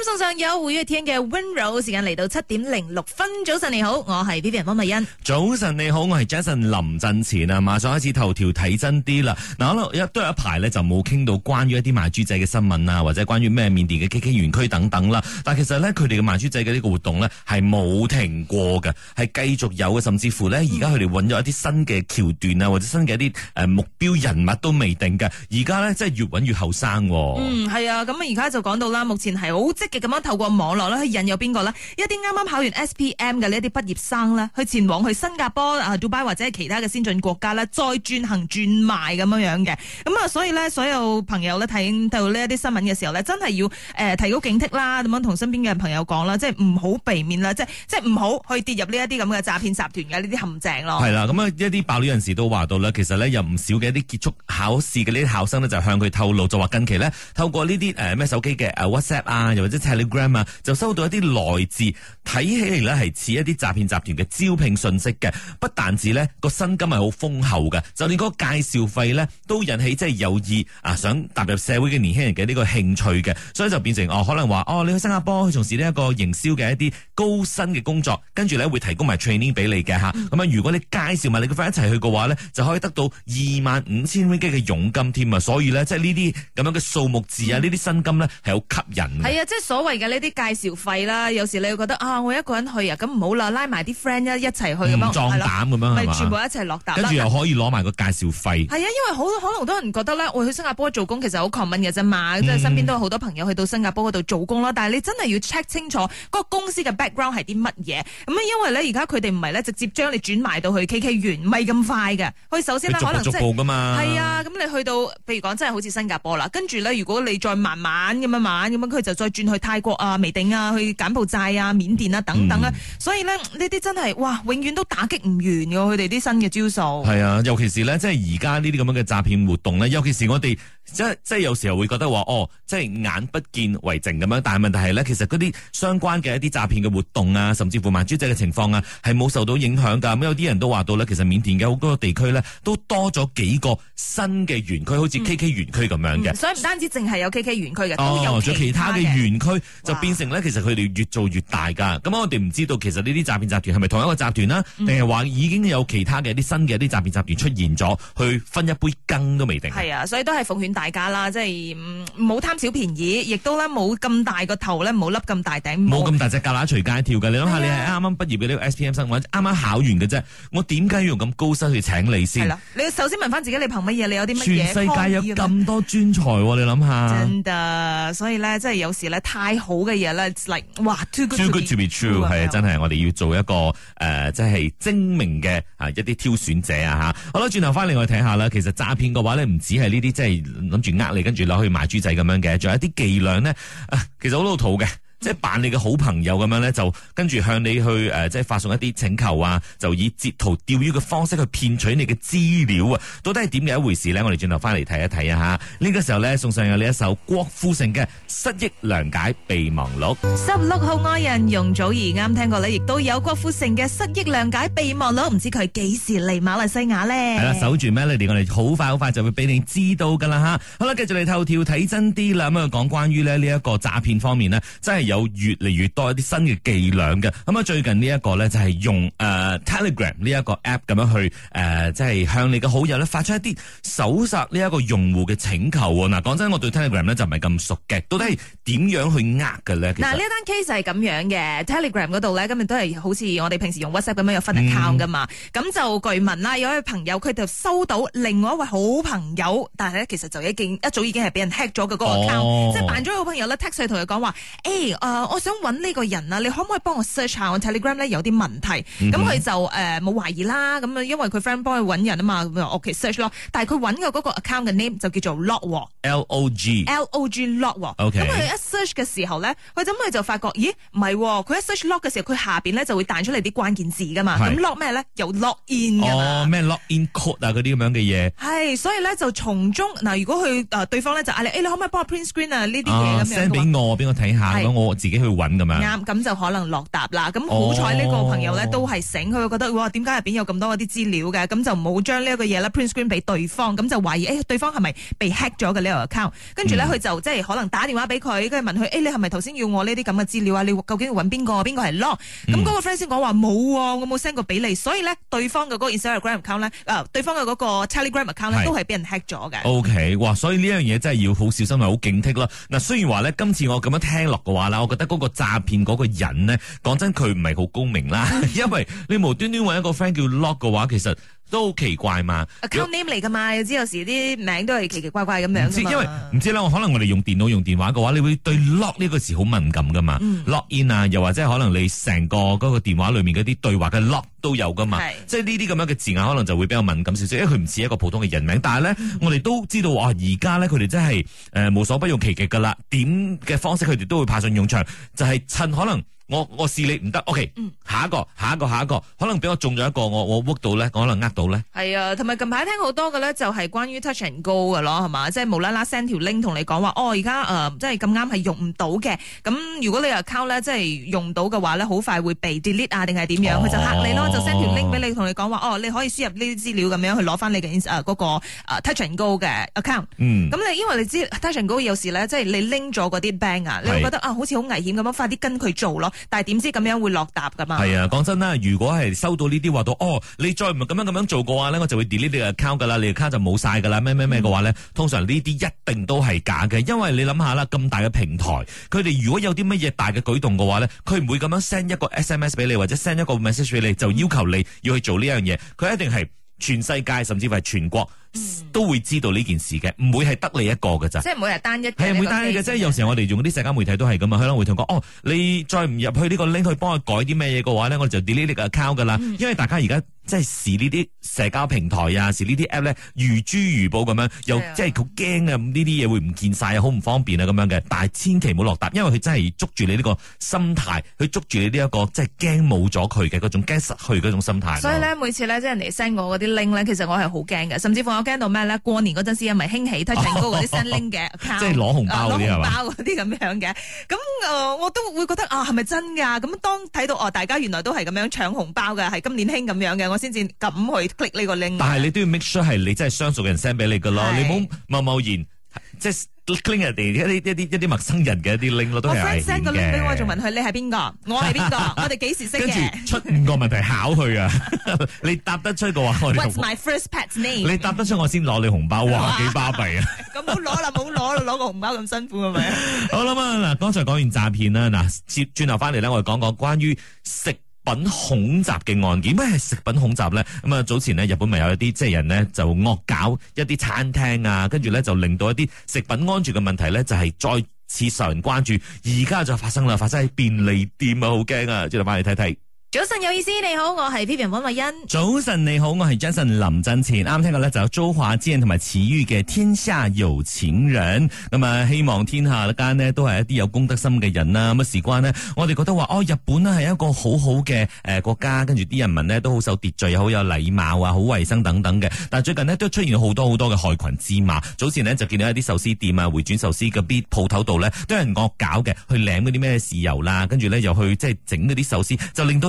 咁送上有五月天嘅溫柔，n r 時間嚟到七點零六分，早晨你好，我係 Vivian 溫美欣。早晨你好，我係 Jason 林振前啊！馬上開始頭條睇真啲啦，嗱，一都有一排呢，就冇傾到關於一啲賣豬仔嘅新聞啊，或者關於咩緬甸嘅 KK 園區等等啦。但其實呢，佢哋嘅賣豬仔嘅呢個活動呢，係冇停過嘅，係繼續有嘅，甚至乎呢，而家佢哋揾咗一啲新嘅橋段啊，或者新嘅一啲誒目標人物都未定嘅。而家呢，真係越揾越後生。嗯，係啊，咁啊而家就講到啦，目前係好即。咁樣透過網絡咧去引誘邊個呢？一啲啱啱考完 S P M 嘅呢一啲畢業生呢，去前往去新加坡啊、杜拜或者其他嘅先進國家呢，再轉行轉賣咁樣樣嘅。咁啊，所以呢，所有朋友呢，睇到呢一啲新聞嘅時候呢，真係要誒、呃、提高警惕啦，咁樣同身邊嘅朋友講啦，即係唔好避免啦，即係即係唔好去跌入呢一啲咁嘅詐騙集團嘅呢啲陷阱咯。係啦，咁啊一啲爆料人士都話到呢，其實呢，有唔少嘅一啲結束考試嘅呢啲考生呢，就向佢透露，就話近期呢，透過呢啲誒咩手機嘅 WhatsApp 啊，Telegram 啊，就收到一啲來自睇起嚟咧，係似一啲詐騙集團嘅招聘信息嘅。不但止咧，個薪金係好豐厚嘅，就連嗰介紹費咧都引起即係有意啊，想踏入社會嘅年輕人嘅呢個興趣嘅。所以就變成哦，可能話哦，你去新加坡去從事呢一個營銷嘅一啲高薪嘅工作，跟住咧會提供埋 training 俾你嘅嚇。咁啊，如果你介紹埋你個 friend 一齊去嘅話咧，就可以得到二萬五千蚊嘅佣金添啊。所以咧，即係呢啲咁樣嘅數目字啊，呢啲薪金咧係好吸引嘅。係啊，即係。所謂嘅呢啲介紹費啦，有時你會覺得啊，我一個人去啊，咁唔好啦，拉埋啲 friend 一一齊去咁樣、嗯，壯膽咁樣係咪啊？咪全部一齊落搭，跟住又可以攞埋個介紹費。係啊，因為好可能多人覺得咧，我去新加坡做工其實好 common 嘅啫嘛，即係身邊都有好多朋友去到新加坡嗰度做工啦、嗯。但係你真係要 check 清楚嗰個公司嘅 background 係啲乜嘢咁。因為咧而家佢哋唔係咧直接將你轉賣到去 KK 園，唔係咁快嘅。佢首先咧可能係逐步嘅嘛。係啊，咁你去到譬如講真係好似新加坡啦，跟住咧如果你再慢慢咁樣，慢咁樣，佢就再轉去。去泰國啊、未定啊、去柬埔寨啊、緬甸啊等等啊，嗯、所以咧呢啲真係哇，永遠都打擊唔完嘅、啊，佢哋啲新嘅招數。係啊，尤其是呢，即係而家呢啲咁樣嘅詐騙活動呢，尤其是我哋即係有時候會覺得話哦，即係眼不見為淨咁樣，但係問題係呢，其實嗰啲相關嘅一啲詐騙嘅活動啊，甚至乎賣豬仔嘅情況啊，係冇受到影響噶。咁、嗯、有啲人都話到呢，其實緬甸嘅好多個地區呢，都多咗幾個新嘅園區，好似 K K 園區咁樣嘅、嗯嗯。所以唔單止淨係有 K K 園區嘅，都有其他嘅園區。哦就變成咧，其實佢哋越做越大噶。咁我哋唔知道其實呢啲詐騙集團係咪同一個集團啦，定係話已經有其他嘅一啲新嘅一啲詐騙集團出現咗，去分一杯羹都未定。係、嗯嗯、啊，所以都係奉勸大家啦，即係唔好貪小便宜，亦都咧冇咁大個頭咧，冇笠咁大頂，冇咁大隻蛤乸隨街跳㗎。你諗下，你係啱啱畢業嘅呢、呢個 SPM 生，我啱啱考完嘅啫。我點解要用咁高薪去請你先、啊？你首先問翻自己，你憑乜嘢？你有啲乜嘢？全世界有咁多專才喎、啊，你諗下。真㗎，所以咧，即係有時咧，太好嘅嘢咧哇 too good to be true 係啊，真係，我哋要做一個誒即係精明嘅啊一啲挑選者啊吓。好啦，轉頭翻嚟我哋睇下啦。其實詐騙嘅話咧，唔止係呢啲，即係諗住呃你，跟住攞去賣豬仔咁樣嘅，仲有一啲伎倆咧啊，其實好老土嘅。即係扮你嘅好朋友咁樣咧，就跟住向你去誒、呃，即係發送一啲請求啊，就以截圖釣魚嘅方式去騙取你嘅資料啊！到底係點嘅一回事呢？我哋轉頭翻嚟睇一睇啊吓！呢、這個時候咧，送上有呢一首郭富城嘅《失憶諒解備忘錄》。十六號愛人容祖兒啱聽過呢，亦都有郭富城嘅《失憶諒解備忘錄》，唔知佢幾時嚟馬來西亞咧？係啦，守住 Melody，我哋好快好快就會俾你知道噶啦吓。好啦，繼續嚟頭條睇真啲啦，咁啊講關於呢一個詐騙方面呢，真係。有越嚟越多一啲新嘅伎倆嘅，咁啊最近呢一個咧就係用誒、呃、Telegram 呢一個 app 咁樣去誒即係向你嘅好友咧發出一啲搜索呢一個用戶嘅請求嗱，講真，我對 Telegram 咧就唔係咁熟嘅，到底係點樣去呃嘅咧？嗱，呢、啊、單 case 係咁樣嘅，Telegram 嗰度咧，今日都係好似我哋平時用 WhatsApp 咁樣有分 account 噶嘛，咁、嗯、就據聞啦，有一位朋友佢就收到另外一位好朋友，但係咧其實就已經一早已經係俾人 hack 咗嗰個 account，、哦、即係扮咗好朋友咧，text 同佢講話誒。誒、呃，我想揾呢個人啊，你可唔可以幫我 search 下？我 Telegram 咧有啲問題，咁、嗯、佢就誒冇、呃、懷疑啦，咁啊，因為佢 friend 幫佢揾人啊嘛，ok 其實 search 咯。但係佢揾嘅嗰個 account 嘅 name 就叫做 log，L c O G，L O G log。c 咁佢一 search 嘅時候咧，佢咁佢就發覺，咦唔係喎，佢一 search l o c k 嘅時候，佢下面咧就會彈出嚟啲關鍵字噶嘛。咁 l o c k 咩咧？有 l o c k in 嘅，咩 l o c k in code 啊嗰啲咁樣嘅嘢。係，所以咧就從中嗱、呃，如果佢、呃、對方咧就嗌你、欸，你可唔可以幫我 print screen 啊？呢啲嘢咁樣俾我，睇下我自己去揾咁樣啱，咁就可能落答啦。咁好彩呢個朋友咧、哦、都係醒，佢會覺得哇，點解入邊有咁多嗰啲資料嘅？咁就冇將呢一個嘢咧 print screen 俾對方，咁就懷疑誒、欸、對方係咪被 hack 咗嘅呢個 account？跟住咧佢就即係可能打電話俾佢，跟住問佢誒、嗯欸、你係咪頭先要我呢啲咁嘅資料啊？你究竟要揾邊、嗯個？邊個係 law 咁？嗰個 friend 先講話冇，我冇 send 過俾你。所以咧，對方嘅嗰個 Instagram account 呢，對方嘅嗰個 Telegram account 呢，都係俾人 hack 咗嘅。OK，哇！所以呢樣嘢真係要好小心同好警惕啦。嗱，雖然話咧，今次我咁樣聽落嘅話我覺得嗰個詐騙嗰個人咧，講真，佢唔係好高明啦，因為，你無端端揾一個 friend 叫 lock 嘅話，其實。都好奇怪嘛，account name 嚟噶嘛，又知有時啲名都係奇奇怪怪咁樣。因為唔知啦，我可能我哋用電腦用電話嘅話，你會對 lock 呢個字好敏感噶嘛、嗯、？lock in 啊，又或者可能你成個嗰個電話裏面嗰啲對話嘅 lock 都有噶嘛？即係呢啲咁樣嘅字眼，可能就會比較敏感少少。因為佢唔似一個普通嘅人名，但係咧、嗯，我哋都知道哇，而家咧佢哋真係誒、呃、無所不用其極噶啦。點嘅方式佢哋都會派上用場，就係、是、趁可能。我我視你唔得，OK？嗯下，下一個下一個下一個，可能俾我中咗一個，我我搵到咧，可能呃到咧。係啊，同埋近排聽好多嘅咧，就係關於 Touching Go 嘅咯，係嘛？即係無啦啦 send 條 link 同你講話，哦而家誒，即係咁啱係用唔到嘅。咁如果你個 account 咧，即係用到嘅話咧，好快會被 delete 啊，定係點樣？佢、哦、就吓你咯，就 send 條 link 俾你，同你講話，哦，你可以輸入呢啲資料咁樣去攞翻你嘅個、呃呃呃、Touching Go 嘅 account。咁、嗯、你因為你知 Touching Go 有時咧，即係你 link 咗嗰啲 bank 啊，你會覺得啊，好似好危險咁樣，快啲跟佢做咯。但係點知咁樣會落答噶嘛？係啊，講真啦，如果係收到呢啲話到，哦，你再唔係咁樣咁樣做嘅話咧，我就會 delete 你嘅 account 噶啦，你 account 就冇晒噶啦，咩咩咩嘅話咧，嗯、通常呢啲一定都係假嘅，因為你諗下啦，咁大嘅平台，佢哋如果有啲乜嘢大嘅舉動嘅話咧，佢唔會咁樣 send 一個 SMS 俾你，或者 send 一個 message 俾你，就要求你要去做呢樣嘢，佢一定係全世界甚至係全國。嗯、都會知道呢件事嘅，唔會係得你一個嘅咋。即係每日單一，係啊，唔會單一嘅，即係有時我哋用啲社交媒體都係咁啊。喺、嗯、度會同佢講哦，你再唔入去呢個 link 去幫佢改啲咩嘢嘅話咧，我哋就 delete 你個 account 噶啦、嗯。因為大家而家即係視呢啲社交平台啊，視呢啲 app 咧如珠如寶咁樣，又即係好驚啊！呢啲嘢會唔見晒，好唔方便啊咁樣嘅。但係千祈唔好落沓，因為佢真係捉住你呢個心態，佢捉住你呢、呢、一個即係驚冇咗佢嘅嗰種驚失去嗰種心態。嗯、所以咧，每次咧，即係人哋 send 我嗰啲 link 咧，其實我係好驚嘅，甚至我驚到咩咧？過年嗰陣時，係咪興起睇成糕或啲 send link 嘅？即係攞紅包嗰啲係嘛？攞、啊、紅包嗰啲咁樣嘅，咁我、呃、我都會覺得啊，係、哦、咪真㗎？咁當睇到哦，大家原來都係咁樣搶紅包嘅，係今年興咁樣嘅，我先至敢去 click 呢個 link。但係你都要 make sure 係你真係相熟嘅人 send 俾你噶啦，你唔好貿貿然。即係 cling 人哋一啲一啲一啲陌生人嘅一啲 link 咯都係 friend send 個俾我，仲問佢，你係邊個？我係邊個？我哋幾 時識嘅？接出五個問題考佢啊！ 你答得出嘅話，我 What's my first pet's name？你答得出，我先攞你紅包。 哇，幾巴閉啊！咁冇攞啦，冇攞啦，攞個紅包咁辛苦係咪？ 好啦，嗱，剛才講完詐騙啦，嗱，接轉頭翻嚟咧，我哋講講關於食。品恐襲嘅案件。咩係食品恐襲咧？咁啊早前咧，日本咪有一啲即係人咧就惡搞一啲餐廳啊，跟住咧就令到一啲食品安全嘅問題咧就係再次受人關注。而家就發生啦，發生喺便利店啊，好驚啊！接落嚟睇睇。早晨有意思，你好，我係 Pepin 溫慧欣。早晨你好，我係 Jason 林振前。啱啱聽過咧，就周華健同埋齊豫嘅《天下有情人》。咁啊，希望天下間呢，都係一啲有公德心嘅人啦。咁啊，事關呢，我哋覺得話哦，日本呢係一個很好好嘅誒國家，跟住啲人民呢，都好守秩序，好有禮貌啊，好衛生等等嘅。但係最近呢，都出現好多好多嘅害群之馬。早前呢，就見到一啲壽司店啊、迴轉壽司嗰啲鋪頭度呢，都係人惡搞嘅，去舐嗰啲咩豉油啦，跟住呢，又去即係整嗰啲壽司，就令到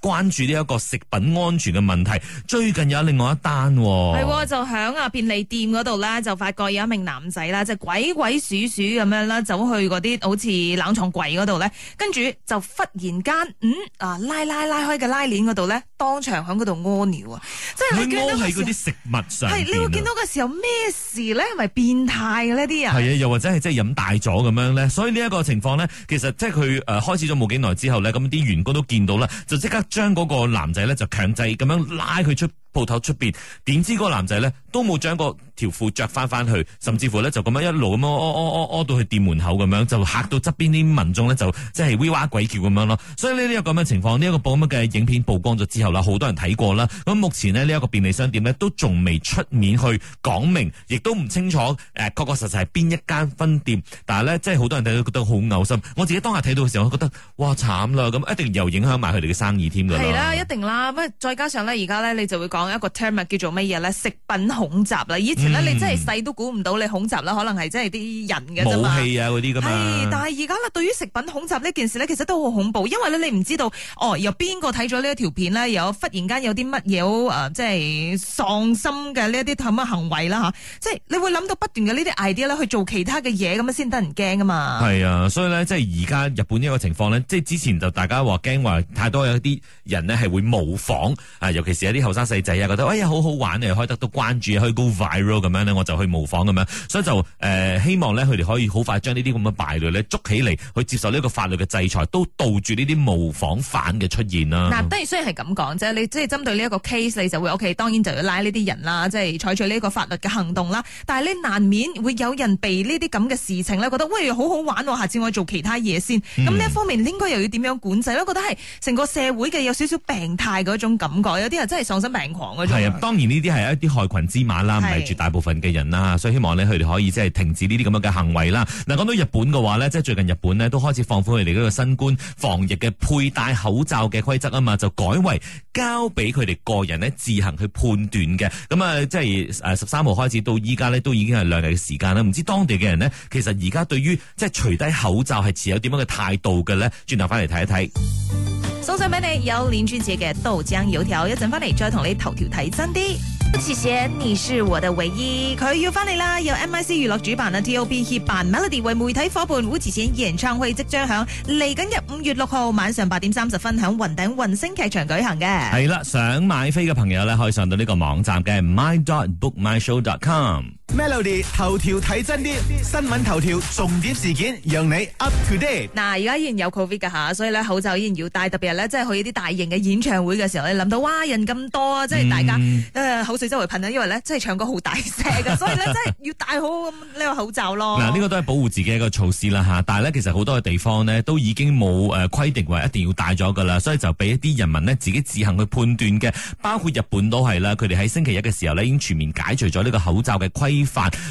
關注呢一個食品安全嘅問題，最近有另外一單，哦，係就響啊便利店嗰度咧，就發覺有一名男仔啦，即、就、係、是、鬼鬼祟祟咁樣啦，走去嗰啲好似冷藏櫃嗰度咧，跟住就忽然間嗯啊拉拉拉開嘅拉鏈嗰度咧，當場喺嗰度屙尿啊！即係屙喺嗰啲食物上，係你會見到嘅時候咩事咧？係咪變態嘅呢啲啊？係啊，又或者係即係飲大咗咁樣咧？所以呢一個情況咧，其實即係佢誒開始咗冇幾耐之後咧，咁啲員工都見到啦，就即刻。將嗰個男仔咧就強制咁樣拉佢出鋪頭出邊，點知嗰個男仔咧？都冇將個條褲着翻翻去，甚至乎呢就咁樣一路咁樣屙屙屙屙到去店門口咁樣，就嚇到側邊啲民眾呢就即係哇哇鬼叫咁樣咯。所以呢呢一個咁嘅情況，呢一個咁樣嘅影片曝光咗之後啦，好多人睇過啦。咁目前呢，呢一個便利商店呢都仲未出面去講明，亦都唔清楚誒確確實實係邊一間分店。但係呢，即係好多人睇到覺得好嘔心。我自己當下睇到嘅時候，我覺得哇慘啦！咁一定又影響埋佢哋嘅生意添㗎啦。係啊，一定啦。不過再加上呢，而家呢，你就會講一個 term 叫做乜嘢呢？食品恐襲啦！以前呢，你真係細都估唔到你恐襲啦，可能係真係啲人嘅啫武器啊嗰啲咁嘛。但係而家呢，對於食品恐襲呢件事呢，其實都好恐怖，因為呢，你唔知道，哦，有邊個睇咗呢一條片呢，有忽然間有啲乜嘢誒，即係喪心嘅呢一啲咁嘅行為啦嚇、啊，即係你會諗到不斷嘅呢啲 idea 呢去做其他嘅嘢咁啊先得人驚啊嘛。係啊，所以呢，即係而家日本呢一個情況呢，即係之前就大家話驚話太多有啲人呢係會模仿，尤其是有啲後生細仔啊，覺得哎呀好好玩啊，開得都關注。去 go viral 咁樣呢，我就去模仿咁樣，所以就誒、呃、希望呢，佢哋可以好快將呢啲咁嘅敗類咧捉起嚟，去接受呢一個法律嘅制裁，都杜住呢啲模仿犯嘅出現啦。嗱、啊，當然雖然係咁講啫，你即係針對呢一個 case，你就會 OK，當然就要拉呢啲人啦，即係採取呢一個法律嘅行動啦。但係你難免會有人被呢啲咁嘅事情呢，覺得喂好好玩喎，下次我去做其他嘢先。咁呢一方面，你應該又要點樣管制咧？覺得係成個社會嘅有少少病態嗰種感覺，有啲人真係喪心病狂嗰種感覺。係啊，當然呢啲係一啲害群之啲馬啦，唔係絕大部分嘅人啦，所以希望咧，佢哋可以即係停止呢啲咁樣嘅行為啦。嗱，講到日本嘅話咧，即係最近日本咧都開始放寬佢哋嗰個新冠防疫嘅佩戴口罩嘅規則啊嘛，就改為交俾佢哋個人咧自行去判斷嘅。咁啊，即係誒十三號開始到依家咧，都已經係兩日嘅時間啦。唔知當地嘅人咧，其實而家對於即係除低口罩係持有點樣嘅態度嘅咧？轉頭翻嚟睇一睇。送上俾你，有年專節嘅豆漿油條，一陣翻嚟再同你頭條睇真啲。巫啟賢，你是我的唯一，佢要翻嚟啦！由 M I C 娛樂主辦啦，T O b 協辦，Melody 為媒體伙伴，巫啟賢演唱會即將響嚟緊嘅五月六號晚上八點三十分響雲頂雲星劇場舉行嘅。係啦，想買飛嘅朋友咧，可以上到呢個網站嘅 my dot book my show dot com。Melody 頭條睇真啲，新聞頭條重點事件，讓你 up to date。嗱，而家依然有 Covid 㗎噶吓，所以咧，口罩依然要戴。特別係咧，即係去啲大型嘅演唱會嘅時候，你諗到哇人咁多，即係大家誒、嗯、呃、口水周圍噴啊，因為咧真係唱歌好大聲噶，所以咧真係要戴好呢個口罩咯。嗱，呢個都係保護自己一個措施啦吓。但係咧，其實好多嘅地方呢都已經冇誒規定話一定要戴咗噶啦，所以就俾一啲人民呢自己自行去判斷嘅。包括日本都係啦，佢哋喺星期一嘅時候呢已經全面解除咗呢個口罩嘅規。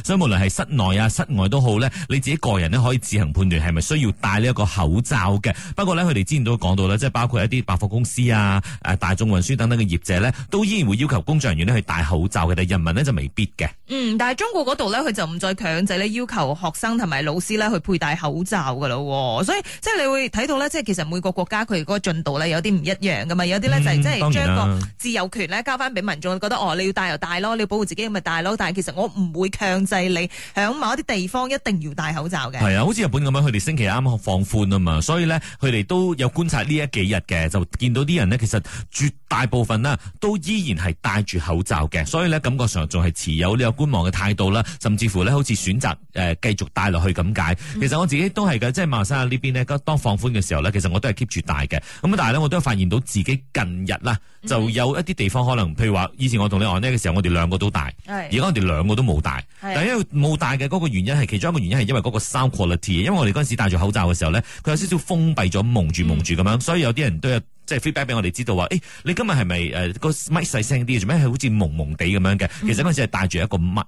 所以無論係室內啊、室外都好咧，你自己個人咧可以自行判斷係咪需要戴呢一個口罩嘅。不過咧，佢哋之前都講到啦，即係包括一啲百貨公司啊、誒大眾運輸等等嘅業者咧，都依然會要求工作人員咧去戴口罩嘅。但係人民咧就未必嘅。嗯，但係中國嗰度咧，佢就唔再強制咧要求學生同埋老師咧去佩戴口罩噶啦，所以即係、就是、你會睇到咧，即係其實每個國家佢嗰個進度咧有啲唔一樣噶嘛，有啲咧就係即係將個自由權咧交翻俾民眾，嗯、覺得哦你要戴又戴咯，你要保護自己咪戴咯，但係其實我唔會強制你喺某一啲地方一定要戴口罩嘅。係啊，好似日本咁樣，佢哋星期啱啱放寬啊嘛，所以咧，佢哋都有觀察呢一幾日嘅，就見到啲人呢，其實絕大部分啦，都依然係戴住口罩嘅。所以呢，感覺上仲係持有呢個觀望嘅態度啦，甚至乎呢，好似選擇誒繼續戴落去咁解。嗯。其實我自己都係嘅，即係馬來西亞呢邊呢，當放寬嘅時候呢，其實我都係 keep 住戴嘅。咁但係我都發現到自己近日啦，就有一啲地方可能，譬如話以前我同你講呢嘅時候，我哋兩個都戴，而家我哋兩個都冇戴。啊、但因為冇戴嘅嗰個原因係，其中一個原因係因為嗰個 sound quality，因為我哋嗰陣時戴住口罩嘅時候呢，佢有少少封閉咗，蒙住蒙住咁樣，嗯、所以有啲人都有即係 feedback 俾我哋知道話，咦、欸，你今日係咪誒個 mic 細聲啲，做咩係好似蒙蒙地咁樣嘅？其實嗰陣時係戴住一、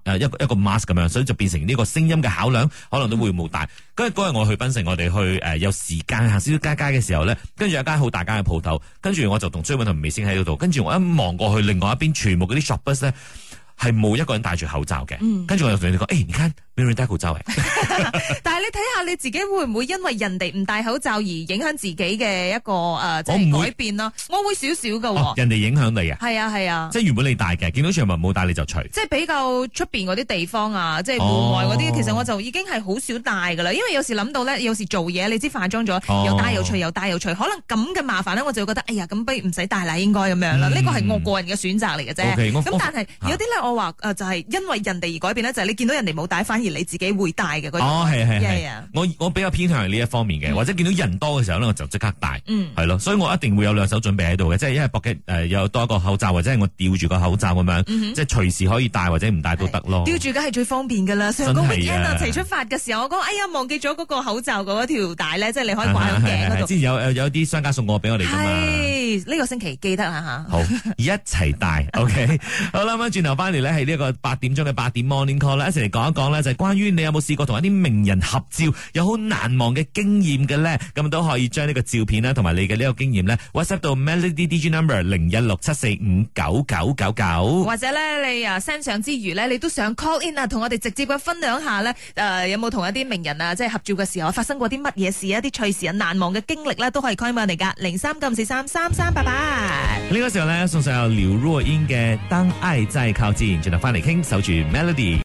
呃、一,一個 mask，一個 mask 咁樣，所以就變成呢個聲音嘅考量，可能都會冇戴。跟住嗰日我去檳城，我哋去誒、呃、有時間行少少街街嘅時候呢，跟住有間好大間嘅鋪頭，跟住我就同張允彤、星喺度，跟住我一望過去，另外一邊全部嗰啲 shopper 咧。係冇一個人戴住口罩嘅，嗯、跟住我又同你講，誒，而家 very difficult 周圍但係你睇下你自己會唔會因為人哋唔戴口罩而影響自己嘅一個誒，呃就是、改變咯？我會少少嘅喎。人哋影響你啊？係啊係啊，即係原本你戴嘅，見到全部冇戴你就除。即係比較出邊嗰啲地方啊，即係戶外嗰啲、哦，其實我就已經係好少戴嘅啦。因為有時諗到咧，有時做嘢你知化妝咗、哦，又戴又除，又戴又除，可能咁嘅麻煩咧，我就會覺得，哎呀，咁不如唔使戴啦，應該咁樣啦。呢個係我個人嘅選擇嚟嘅啫。咁、okay, 但係、啊、有啲咧，就係、是，因為人哋而改變就係、是，你見到人哋冇戴，反而你自己會戴嘅嗰種。我我比較偏向呢一方面嘅，嗯，或者見到人多嘅時候咧，我就即刻戴。嗯，係咯，所以我一定會有兩手準備喺度嘅，即係因為有多一個口罩，或者係我吊住個口罩咁樣，嗯，即係隨時可以戴或者唔戴都得咯。吊住梗係最方便噶啦，上個 weekend 一齊出發嘅時候，我講哎呀忘記咗嗰個口罩嗰條帶咧，嗯，即係你可以掛喺頸嗰度。之前有啲商家送過俾我哋噶嘛。呢個星期記得啦吓。好， 一齊戴。OK，好啦，咁轉頭翻嚟。係呢個八點鐘嘅八點 morning call 一齊嚟講一講咧，就係關於你有冇試過同一啲名人合照，有好難忘嘅經驗嘅咧，咁都可以將呢個照片啦，同埋你嘅呢個經驗呢 whatsapp 到 Melody DG number 零一六七四五九九九九，或者咧你啊 send 相之餘呢，你都想 call in 啊，同我哋直接嘅分享下呢，誒有冇同一啲名人啊，即係合照嘅時候發生過啲乜嘢事啊，啲趣事啊，難忘嘅經歷呢，都可以 call 嚟噶，零三九五四三三三，八八。呢個時候呢，送上劉若英嘅《當愛在靠近》。就能翻嚟傾，守住 melody。